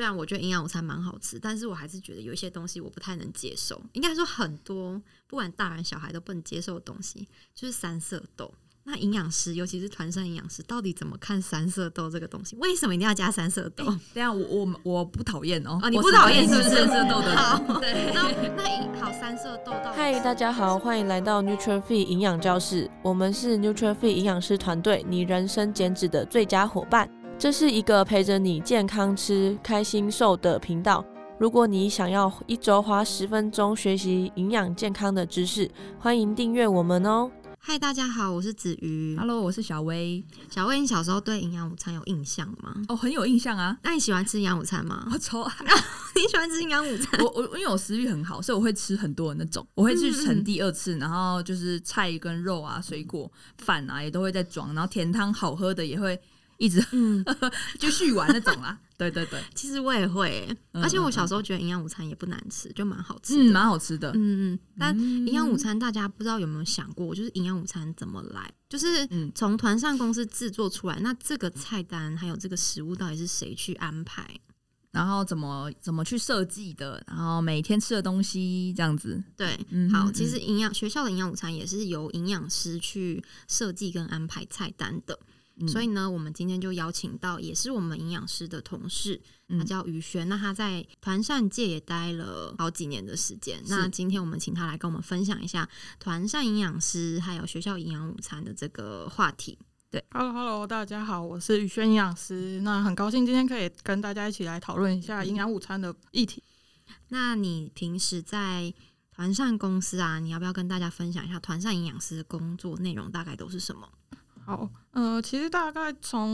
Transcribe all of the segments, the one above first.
雖然我覺得營養午餐蠻好吃，但是我還是覺得有一些東西我不太能接受。應該說很多，不管大人小孩都不能接受的東西，就是三色豆。那營養師，尤其是團膳營養師，到底怎麼看三色豆這個東西？為什麼一定要加三色豆？等下，我我我不討厭哦。啊，你不討厭是不是不三色豆的？好，那那好，三色豆。嗨，大家好，就是、歡迎來到 Nutrafy 營養教室。 我們是 Nutrafy 營養師團隊，你人生減脂的最佳夥伴。這是一個陪着你健康吃，開心瘦的頻道。如果你想要一周花十分鐘學習營養健康的知識，歡迎訂閱我們哦！嗨，大家好，我是子瑜。Hello，我是小薇。小薇，你小時候對營養午餐有印象嗎？哦，oh, 很有印象啊！那你喜歡吃營養午餐嗎？ 我超愛！你喜歡吃營養午餐？我我因為我食欲很好，所以我會吃很多的那種。 我會去盛第二次，然後就是菜跟肉啊、水果、飯啊也都會再裝，然後甜湯好喝的也會。一直嗯，就 續玩那種啦。對對對， 其實我也會、欸，而且我小時候覺得營養午餐也不難吃，就蠻好吃，蠻好吃的，嗯嗯。但營養午餐大家不知道有沒有想過，就是營養午餐怎麼來，就是從團膳公司製作出來，那這個菜單還有這個食物到底是誰去安排，然後怎麼怎麼去設計的，然後每天吃的東西這樣子。對，嗯嗯嗯好，其實營養學校的營養午餐也是由營養師去設計跟安排菜單的。嗯、所以呢，我們今天就邀請到也是我們營養師的同事，嗯、他叫雨軒。那他在團膳界也待了好幾年的時間。是那今天我們請他來跟我們分享一下團膳營養師還有學校營養午餐的這個話題。對，Hello Hello，大家好，我是雨軒營養師。那很高興今天可以跟大家一起來討論一下營養午餐的議題。 那你平時在團膳公司啊，你要不要跟大家分享一下團膳營養師的工作內容大概都是什麼？好。Oh. 呃，其實大概從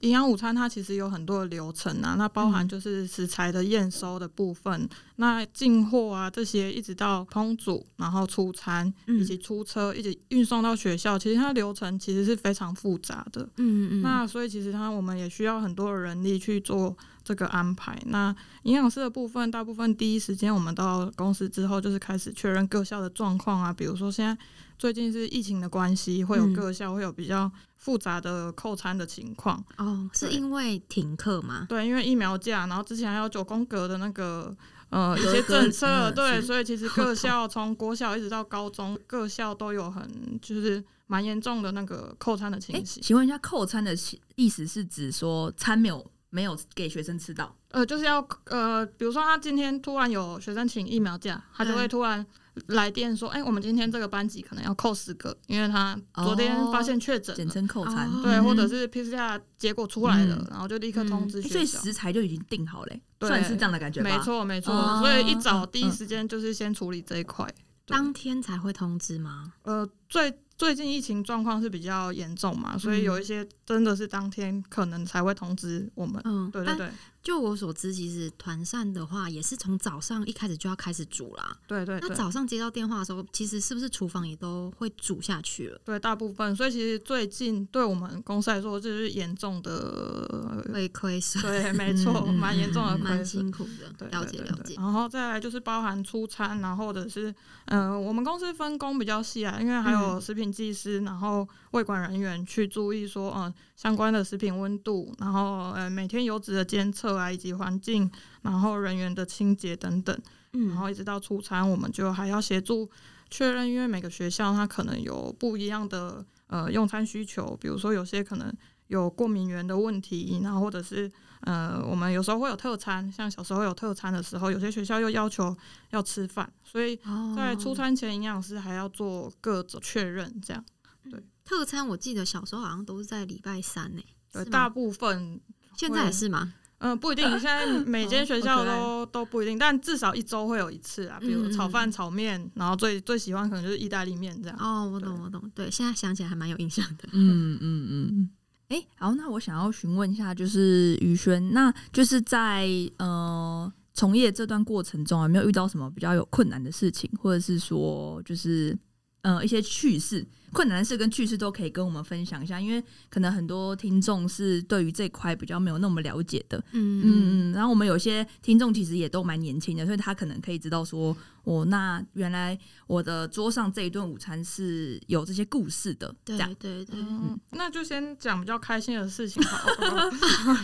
營養午餐，它其實有很多的流程啊，那包含就是食材的驗收的部分，嗯、那進貨啊這些，一直到烹煮，然後出餐，嗯、以及出車，一直運送到學校，其實它流程其實是非常複雜的。嗯嗯嗯。那所以其實它我們也需要很多的人力去做這個安排。那營養師的部分，大部分第一時間我們到公司之後，就是開始確認各校的狀況啊，比如說現在最近是疫情的關係，會有各校會有比較。複雜的扣餐的情況哦，是因為停課嗎？對，因為疫苗假。然後之前還有九宮格的那個呃一些政策，格格呃、對，是所以其實各校從頭國小一直到高中，各校都有很就是蠻嚴重的那個扣餐的情形。欸、請問一下，扣餐的意意思是指說餐沒有沒有給學生吃到？呃，就是要呃，比如說他今天突然有學生請疫苗假，嗯、他就會突然。來電說：“哎、欸，我們今天這個班級可能要扣四個，因為他昨天發現確診，oh, 簡稱扣餐，啊、對，或者是 PCR 結果出來了，嗯、然後就立刻通知、嗯欸。所以食材就已經訂好了，對算是這樣的感覺吧。沒錯，沒錯。Oh. 所以一早第一時間就是先處理這一塊，當天才會通知嗎？呃。”最最近疫情狀況是比較嚴重嘛，所以有一些真的是當天可能才會通知我們。嗯，嗯對對對。就我所知，其實團膳的話也是從早上一開始就要開始煮啦。對，對對。那早上接到電話的時候，其實是不是廚房也都會煮下去了？對，大部分。所以其實最近對我們公司來說，這是嚴重的會虧損。對，沒錯，蠻嚴、嗯、重的，蠻、嗯嗯、辛苦的。對，對，對了，了解了解。然後再來就是包含出餐，然後或者是嗯、呃，我們公司分工比較細啊，因為還有、嗯。有食品技師，然後衛管人員去注意說，嗯、呃，相關的食品溫度，然後呃，每天油脂的監測啊，以及環境，然後人員的清潔等等，然後一直到出餐，我們就還要協助確認，因為每個學校它可能有不一樣的呃用餐需求，比如說有些可能有過敏源的問題，然後或者是。呃，我們有時候會有特餐，像小時候有特餐的時候，有些學校又要求要吃飯，所以在出餐前營養師還要做各種確認，這樣。對，特餐我記得小時候好像都是在禮拜三呢、欸。對，嗎大部分現在也是嗎？嗯、呃，不一定，現在每間學校都、 哦、okay 都不一定，但至少一週會有一次啊。比如炒飯、炒麵、嗯嗯，然後最最喜歡可能就是意大利麵這樣。哦，我懂，我懂。對，對，現在想起來還蠻有印象的。嗯嗯嗯。哎、欸，好，那我想要詢問一下，就是宇軒，那就是在呃從業這段過程中，有沒有遇到什麼比較有困難的事情，或者是說，就是呃一些趣事。困難事跟趣事都可以跟我們分享一下，因為可能很多聽眾是對於這塊比較沒有那麼了解的，嗯嗯嗯。然後我們有些聽眾其實也都蠻年輕的，所以他可能可以知道說，哦，那原來我的桌上這一頓午餐是有這些故事的，對對對。嗯嗯、那就先講比較開心的事情好，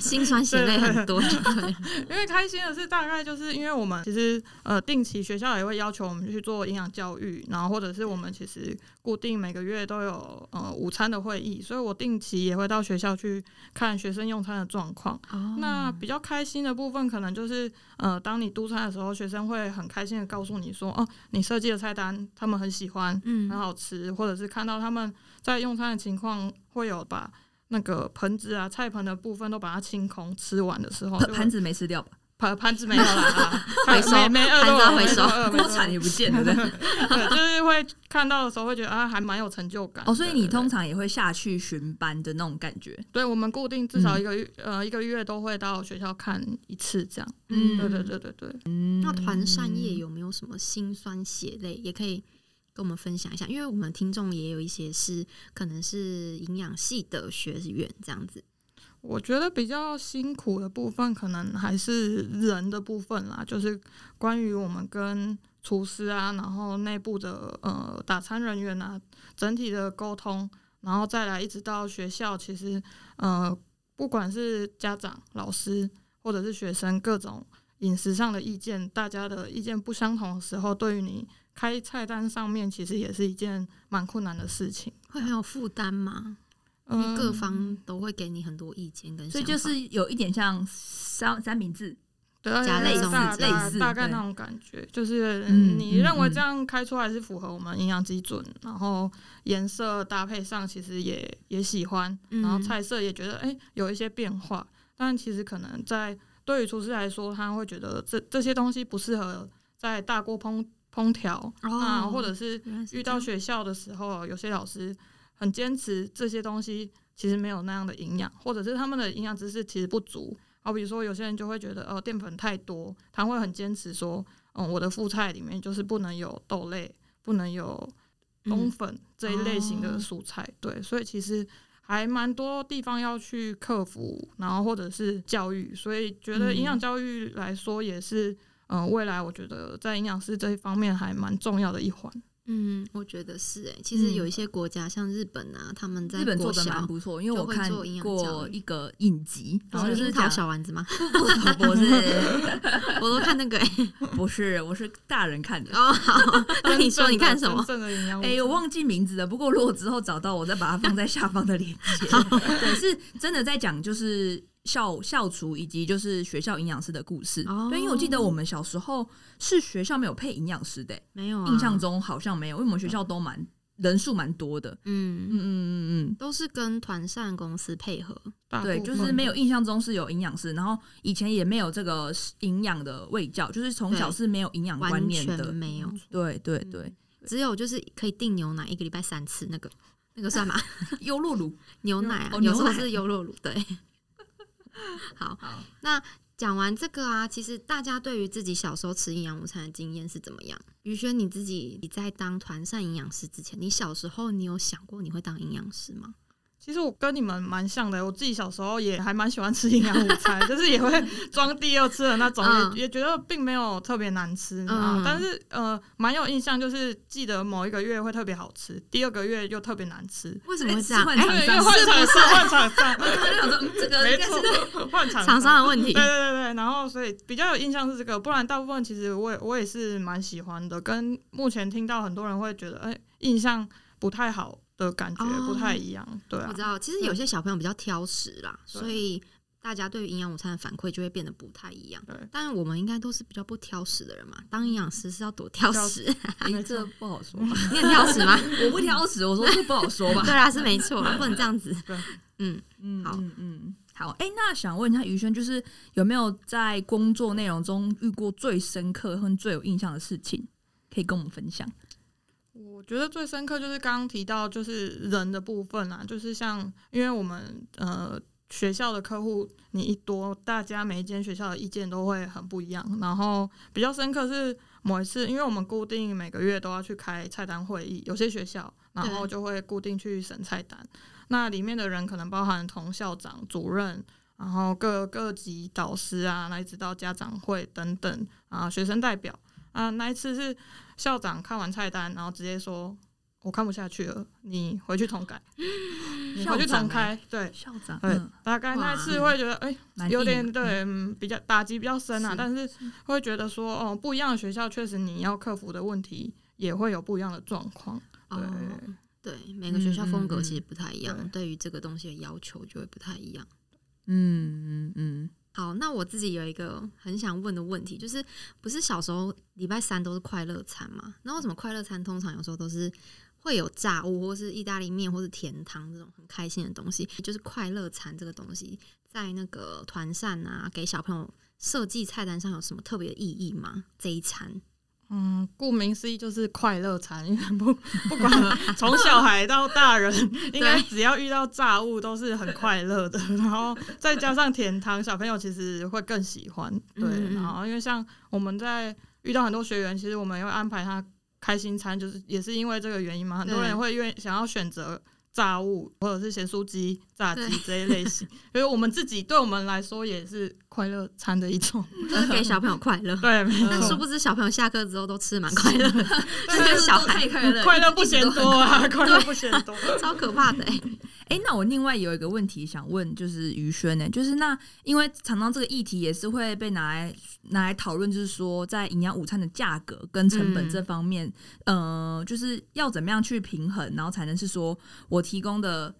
心 酸血淚很多，對對對 因為開心的事大概就是因為我們其實呃，定期學校也會要求我們去做營養教育，然後或者是我們其實固定每個月。都有呃午餐的會議，所以我定期也會到學校去看學生用餐的狀況。哦、那比較開心的部分，可能就是呃，當你督餐的時候，學生會很開心的告訴你說，哦，你設計的菜單他們很喜歡，很好吃，嗯、或者是看到他們在用餐的情況，會有把那個盆子啊、菜盆的部分都把它清空吃完的時候就，盆子沒吃掉吧盤子沒有啦， 回收沒餓過，沒呃、回收餓，鍋鏟也不見了，就是會看到的時候會覺得啊，還蠻有成就感。哦，所以你通常也會下去巡班的那種感覺？對，我們固定至少一個月，嗯、呃一個月都會到學校看一次這樣。嗯，對對對對對。嗯、那團膳業有沒有什麼辛酸血淚，也可以跟我們分享一下？因為我們聽眾也有一些是可能是營養系的學員這樣子。我覺得比較辛苦的部分，可能還是人的部分啦，就是關於我們跟廚師啊，然後內部的呃打餐人員啊，整體的溝通，然後再來一直到學校，其實呃不管是家長、老師或者是學生，各種飲食上的意見，大家的意見不相同的時候，對於你開菜單上面，其實也是一件蠻困難的事情。會很有負擔嗎？各方都會給你很多意見跟想法，跟、嗯、所以就是有一點像三三明治，加對類似類似大，大，大概那種感覺。對就是、嗯、你認為這樣開出來是符合我們營養基準，嗯嗯、然後顏色搭配上其實也也喜歡，嗯、然後菜色也覺得哎、欸、有一些變化。但其實可能在對於廚師來說，他會覺得這這些東西不適合在大鍋烹烹調，哦、啊，或者是遇到學校的時候，有些老師。很堅持這些東西，其實沒有那樣的營養，或者是他們的營養知識其實不足。好、啊，比如說有些人就會覺得，哦、呃，澱粉太多，他會很堅持說，嗯，我的副菜裡面就是不能有豆類，不能有冬粉這一類型的蔬菜。嗯哦、對，所以其實還蠻多地方要去克服，然後或者是教育。所以覺得營養教育來說，也是嗯、呃，未來我覺得在營養師這一方面還蠻重要的一環。嗯，我覺得是哎、欸，其實有一些國家像日本啊，嗯、他們在日本做的蠻不錯，因為我看過一個影集，然後就是講小丸子嗎？不是， 我都看那個哎、欸，不是，我是大人看的哦。好，那你說你看什麼？哎、欸，我忘記名字了，不過如果之後找到，我再把它放在下方的鏈接。 好對，是真的在講就是。校校廚以及就是學校營養師的故事，對，因為我記得我們小時候是學校沒有配營養師的，沒有印象中好像沒有，因為我們學校都蠻人數蠻多的，嗯嗯嗯嗯嗯，都是跟團膳公司配合，對，就是沒有印象中是有營養師，然後以前也沒有這個營養的衛教，就是從小是沒有營養觀念的，沒有，對對對，只有就是可以訂牛奶一個禮拜三次，那個那個算嗎？優酪乳牛奶啊，牛奶是優酪乳，對。好，好那講完這個啊，其實大家對於自己小時候吃營養午餐的經驗是怎麼樣？於軒，你自己你在當團膳營養師之前，你小時候你有想過你會當營養師嗎？其實我跟你們蠻像的，我自己小時候也還蠻喜歡吃營養午餐， 就是也會裝第二次的那種，也、嗯、也覺得並沒有特別難吃啊。嗯、但是呃，蠻有印象，就是記得某一個月會特別好吃，第二個月又特別難吃。為什麼會這樣？欸欸、對，是是因為換廠商，換廠商，這個 沒錯，換廠 商的問題。對對對對，然後所以比較有印象是這個，不然大部分其實我也我也是蠻喜歡的，跟目前聽到很多人會覺得，哎、欸，印象不太好。的感覺不太一樣，對。我知道，其實有些小朋友比較挑食啦，所以大家對於營養午餐的反饋就會變得不太一樣。對，但是我們應該都是比較不挑食的人嘛。當營養師是要多挑食，這不好說。你很挑食嗎？我不挑食，我說不好說吧。對啊，是沒錯，不能這樣子。對，嗯嗯好嗯好。哎，那想問一下於軒，就是有沒有在工作內容中遇過最深刻和最有印象的事情，可以跟我們分享？我覺得最深刻就是剛剛提到，就是人的部分啊。就是像因為我們呃學校的客戶，你一多，大家每一間學校的意見都會很不一樣。然後比較深刻是某一次，因為我們固定每個月都要去開菜單會議，有些學校然後就會固定去審菜單。嗯。那裡面的人可能包含同校長、主任，然後各各級導師啊，那一直到家長會等等啊，學生代表啊，那一次是。校長看完菜單，然後直接說：“我看不下去了，你回去重改，你、欸、回去重開。”對，校長，對，大概那次會覺得，哎哇、欸，有點、嗯、對，比較打擊比較深啊。是但是會覺得說，哦，不一樣的學校，確實你要克服的問題也會有不一樣的狀況。對、哦，對，每個學校風格其實不太一樣，嗯、對於對這個東西的要求就會不太一樣。嗯嗯。嗯好，那我自己有一個很想問的問題，就是不是小時候禮拜三都是快樂餐嘛？那為什麼快樂餐通常有時候都是會有炸物或是意大利麵或是甜湯這種很開心的東西？就是快樂餐這個東西，在那個團膳啊，給小朋友設計菜單上有什麼特別的意義嗎？這一餐？嗯，顧名思義就是快樂餐，因為不不管從小孩到大人，應該只要遇到炸物都是很快樂的。 對 然後再加上甜湯，小朋友其實會更喜歡。對，嗯嗯，然後因為像我們在遇到很多學員，其實我們要安排他開心餐，就是也是因為這個原因嘛，很多人會願意想要選擇。炸物，或者是鹹酥雞、炸雞對這一類型，因為我們自己對我們來說也是快樂餐的一種， 給小朋友快樂。 對，但殊不知小朋友下課之後都吃的蠻快樂的，是的 就是小孩快樂快樂不嫌多，啊，快樂不嫌多，超可怕的、欸 哎，那我另外有一個問題想問，就是於軒呢、欸，就是那因為常常這個議題也是會被拿來拿來討論，就是說在營養午餐的價格跟成本這方面，嗯、呃，就是要怎麼樣去平衡，然後才能是說我提供的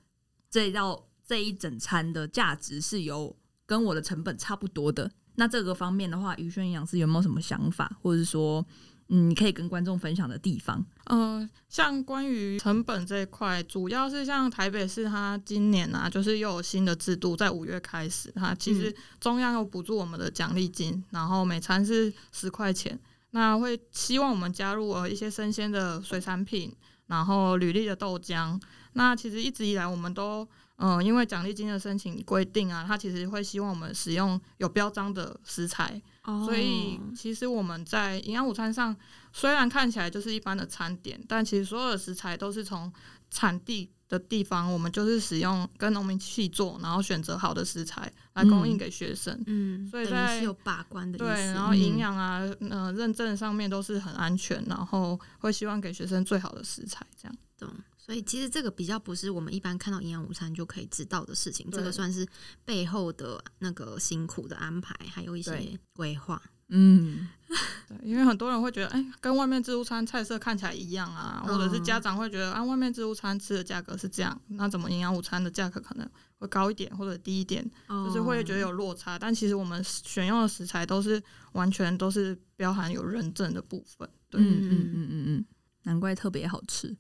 這道這一整餐的價值是有跟我的成本差不多的。那這個方面的話，於軒營養師有沒有什麼想法，或者是說？嗯，可以跟觀眾分享的地方，呃，像關於成本這一塊，主要是像台北市，它今年啊，就是又有新的制度，在五月開始哈。它其實中央又補助我們的獎勵金，然後每餐是十塊錢。那會希望我們加入呃一些生鮮的水產品，然後履歷的豆漿。那其實一直以來，我們都。嗯、呃，因為獎勵金的申請規定啊,他其實會希望我們使用有標章的食材，哦、所以其實我們在營養午餐上雖然看起來就是一般的餐點，但其實所有的食材都是從產地的地方，我們就是使用跟農民去做，然後選擇好的食材來供應給學生。嗯，所以在、嗯、是有把關的對，然後營養啊，嗯、呃，認證上面都是很安全，然後會希望給學生最好的食材，這樣。懂。所以其實這個比較不是我們一般看到營養午餐就可以知道的事情，對這個算是背後的那個辛苦的安排，還有一些規劃對。劃嗯， 對，因為很多人會覺得，哎、欸，跟外面自助餐菜色看起來一樣啊，哦、或者是家長會覺得，啊，外面自助餐吃的價格是這樣，那怎麼營養午餐的價格可能會高一點或者低一點，哦、就是會覺得有落差。但其實我們選用的食材都是完全都是包含有認證的部分，對，嗯嗯嗯嗯嗯，難怪特別好吃。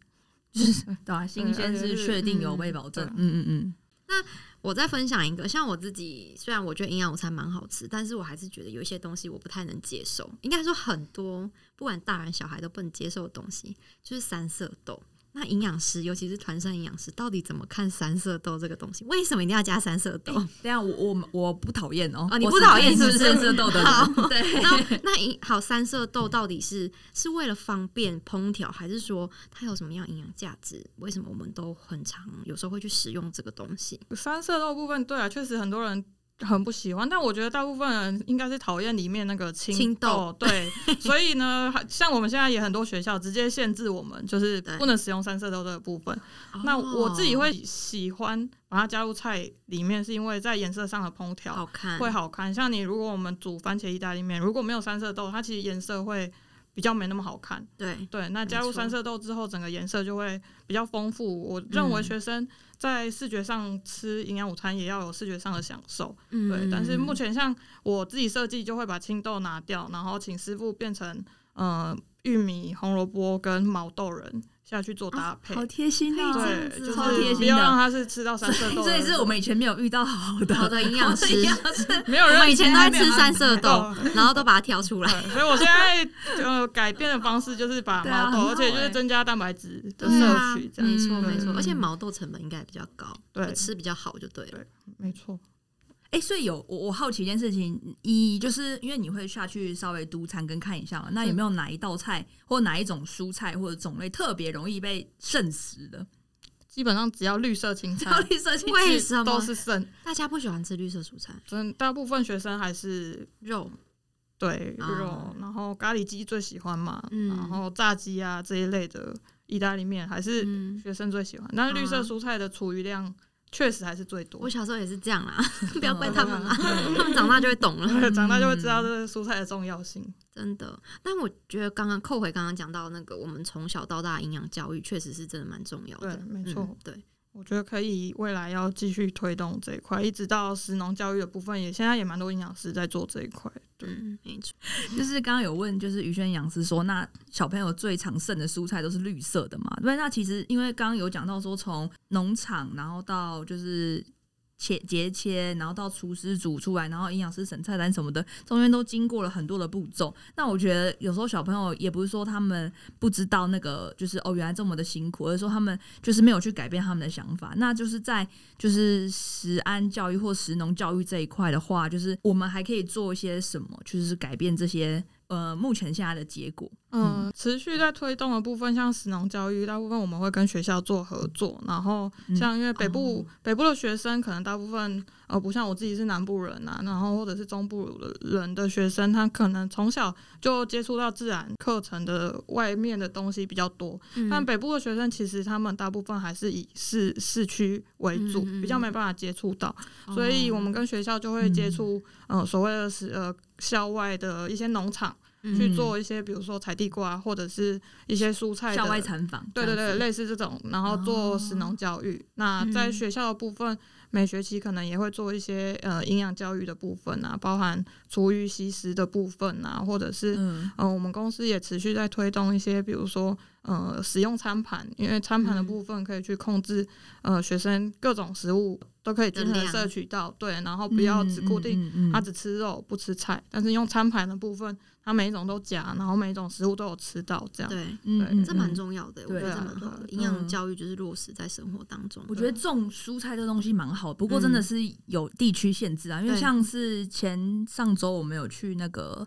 對啊，新鮮是確定有被保證。嗯嗯、okay，嗯。那我再分享一個，像我自己，雖然我覺得營養午餐蠻好吃，但是我還是覺得有一些東西我不太能接受。應該說很多，不管大人小孩都不能接受的東西，就是三色豆。那營養師，尤其是團膳營養師，到底怎麼看三色豆這個東西？為什麼一定要加三色豆？這樣、欸、我我我不討厭哦。啊，你不討厭是不是？三色豆的好。對那。那那好，三色豆到底是是為了方便烹調，還是說它有什麼樣營養價值？為什麼我們都很常有時候會去使用這個東西？三色豆部分，對啊，確實很多人。很不喜歡，但我覺得大部分人應該是討厭裡面那個青豆，青豆。對， 所以呢，像我們現在也很多學校直接限制我們，就是不能使用三色豆這個部分。對那我自己會喜歡把它加入菜裡面，是因為在顏色上的烹調會好看。好看像你，如果我們煮番茄意大利麵，如果沒有三色豆，它其實顏色會。比較沒那麼好看，對對。那加入三色豆之後，整個顏色就會比較豐富。錯我認為學生在視覺上吃營養午餐也要有視覺上的享受，嗯，對。但是目前像我自己設計，就會把青豆拿掉，然後請師傅變成呃玉米、紅蘿蔔跟毛豆仁。下去做搭配，好貼心，對，就是不要讓他是吃到三色豆。所以是我們以前沒有遇到好的營養師，沒有人，我以前都吃三色豆，然後都把它挑出來，所以我現在就改變的方式，就是把毛豆，而且就是增加蛋白質的攝取。沒錯沒錯，而且毛豆成本應該比較高。對，吃比較好就對了，沒錯。哎、欸，所以有我，我好奇一件事情，一就是因為你會下去稍微督餐跟看一下嘛？那有沒有哪一道菜或哪一種蔬菜或者種類特別容易被剩食的？基本上只要綠色青菜，綠色青菜都是剩。大家不喜歡吃綠色蔬菜，真大部分學生還是肉，對、啊、肉，然後咖喱雞最喜歡嘛，嗯、然後炸雞啊這一類的意大利麵還是學生最喜歡。但是、嗯、綠色蔬菜的廚餘量，確實還是最多。我小時候也是這樣啦， 不要怪他們啦。他們長大就會懂了，長大就會知道這個蔬菜的重要性。嗯，真的，但我覺得剛剛扣回剛剛講到那個，我們從小到大的營養教育，確實是真的蠻重要的。對，沒錯。嗯，對。我覺得可以，未來要繼續推動這一塊，一直到食農教育的部分也，也現在也蠻多營養師在做這一塊。對，嗯、沒錯。就是剛剛有問，就是於軒營養師說，那小朋友最常剩的蔬菜都是綠色的嘛？對，那其實，因為剛剛有講到說，從農場然後到就是。切切切，然後到廚師煮出來，然後營養師審菜單什麼的，中間都經過了很多的步驟。那我覺得有時候小朋友也不是說他們不知道那個，就是哦，原來這麼的辛苦，而是說他們就是沒有去改變他們的想法。那就是在就是食安教育或食農教育這一塊的話，就是我們還可以做一些什麼，就是改變這些呃目前現在的結果。嗯、呃，持續在推動的部分，像食農教育，大部分我們會跟學校做合作。然後，像因為北部、嗯哦、北部的學生可能大部分，呃，不像我自己是南部人吶、啊，然後或者是中部的人的學生，他可能從小就接觸到自然課程的外面的東西比較多。嗯、但北部的學生其實他們大部分還是以市市區為主，嗯、比較沒辦法接觸到，哦、所以我們跟學校就會接觸，嗯、呃，所謂的是呃校外的一些農場。去做一些，比如說採地瓜或者是一些蔬菜的校外參訪，對對對，類似這種，然後做食農教育。那在學校的部分，每學期可能也會做一些呃營養教育的部分啊，包含廚餘惜食的部分啊，或者是嗯、呃，我們公司也持續在推動一些，比如說，呃，使用餐盤，因為餐盤的部分可以去控制，呃，學生各種食物都可以均衡攝取到，對，然後不要只固定他只吃肉不吃菜，但是用餐盤的部分，他每一種都夾，然後每一種食物都有吃到，這樣對，這蠻重要的，我覺得蠻好的，營養教育就是落實在生活當中。我覺得種蔬菜這東西蠻好，不過真的是有地區限制啊，因為像是前上週我們有去那個。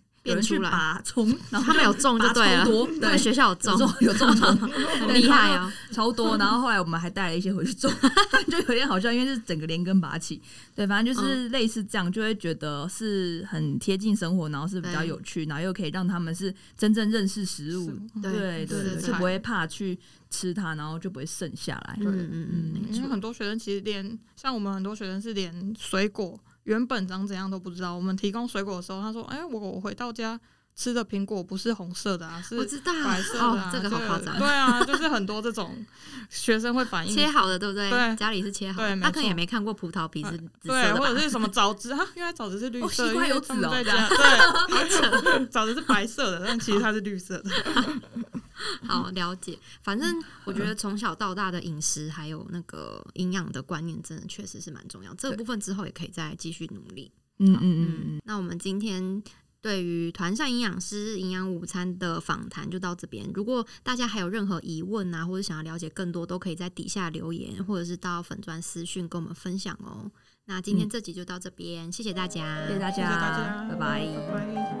別人去拔蔥，然後他們有種，就對啊，他們學校有種，有種多厲害啊，超多。然後後來我們還帶了一些回去種，就有點好笑，因為是整個連根拔起。對，反正就是類似這樣，就會覺得是很貼近生活，然後是比較有趣，然後又可以讓他們是真正認識食物。對對對，是不會怕去吃它，然後就不會剩下來。對，嗯，嗯，因為很多學生其實連像我們很多學生是連水果。原本長怎樣都不知道。我們提供水果的時候，他說：“哎、欸，我我回到家吃的蘋果不是紅色的啊，是白色的、啊。”哦，這個好誇張、就是，對啊，就是很多這種學生會反映切好的，對不對？對，家裡是切好的，他可能也沒看過葡萄皮是紫色的，對，或者是什麼棗子啊？原來棗子是綠色，哦、因為有籽哦、喔。對，棗子扯 是白色的，但其實它是綠色的。好 好了解，反正我覺得從小到大的飲食還有那個營養的觀念，真的確實是蠻重要。這個部分之後也可以再繼續努力。嗯嗯嗯，那我們今天對於團膳營養師營養午餐的訪談就到這邊。如果大家還有任何疑問啊，或者想要了解更多，都可以在底下留言，或者是到粉專私訊跟我們分享哦。那今天這集就到這邊，謝謝大家，謝謝大家，拜拜。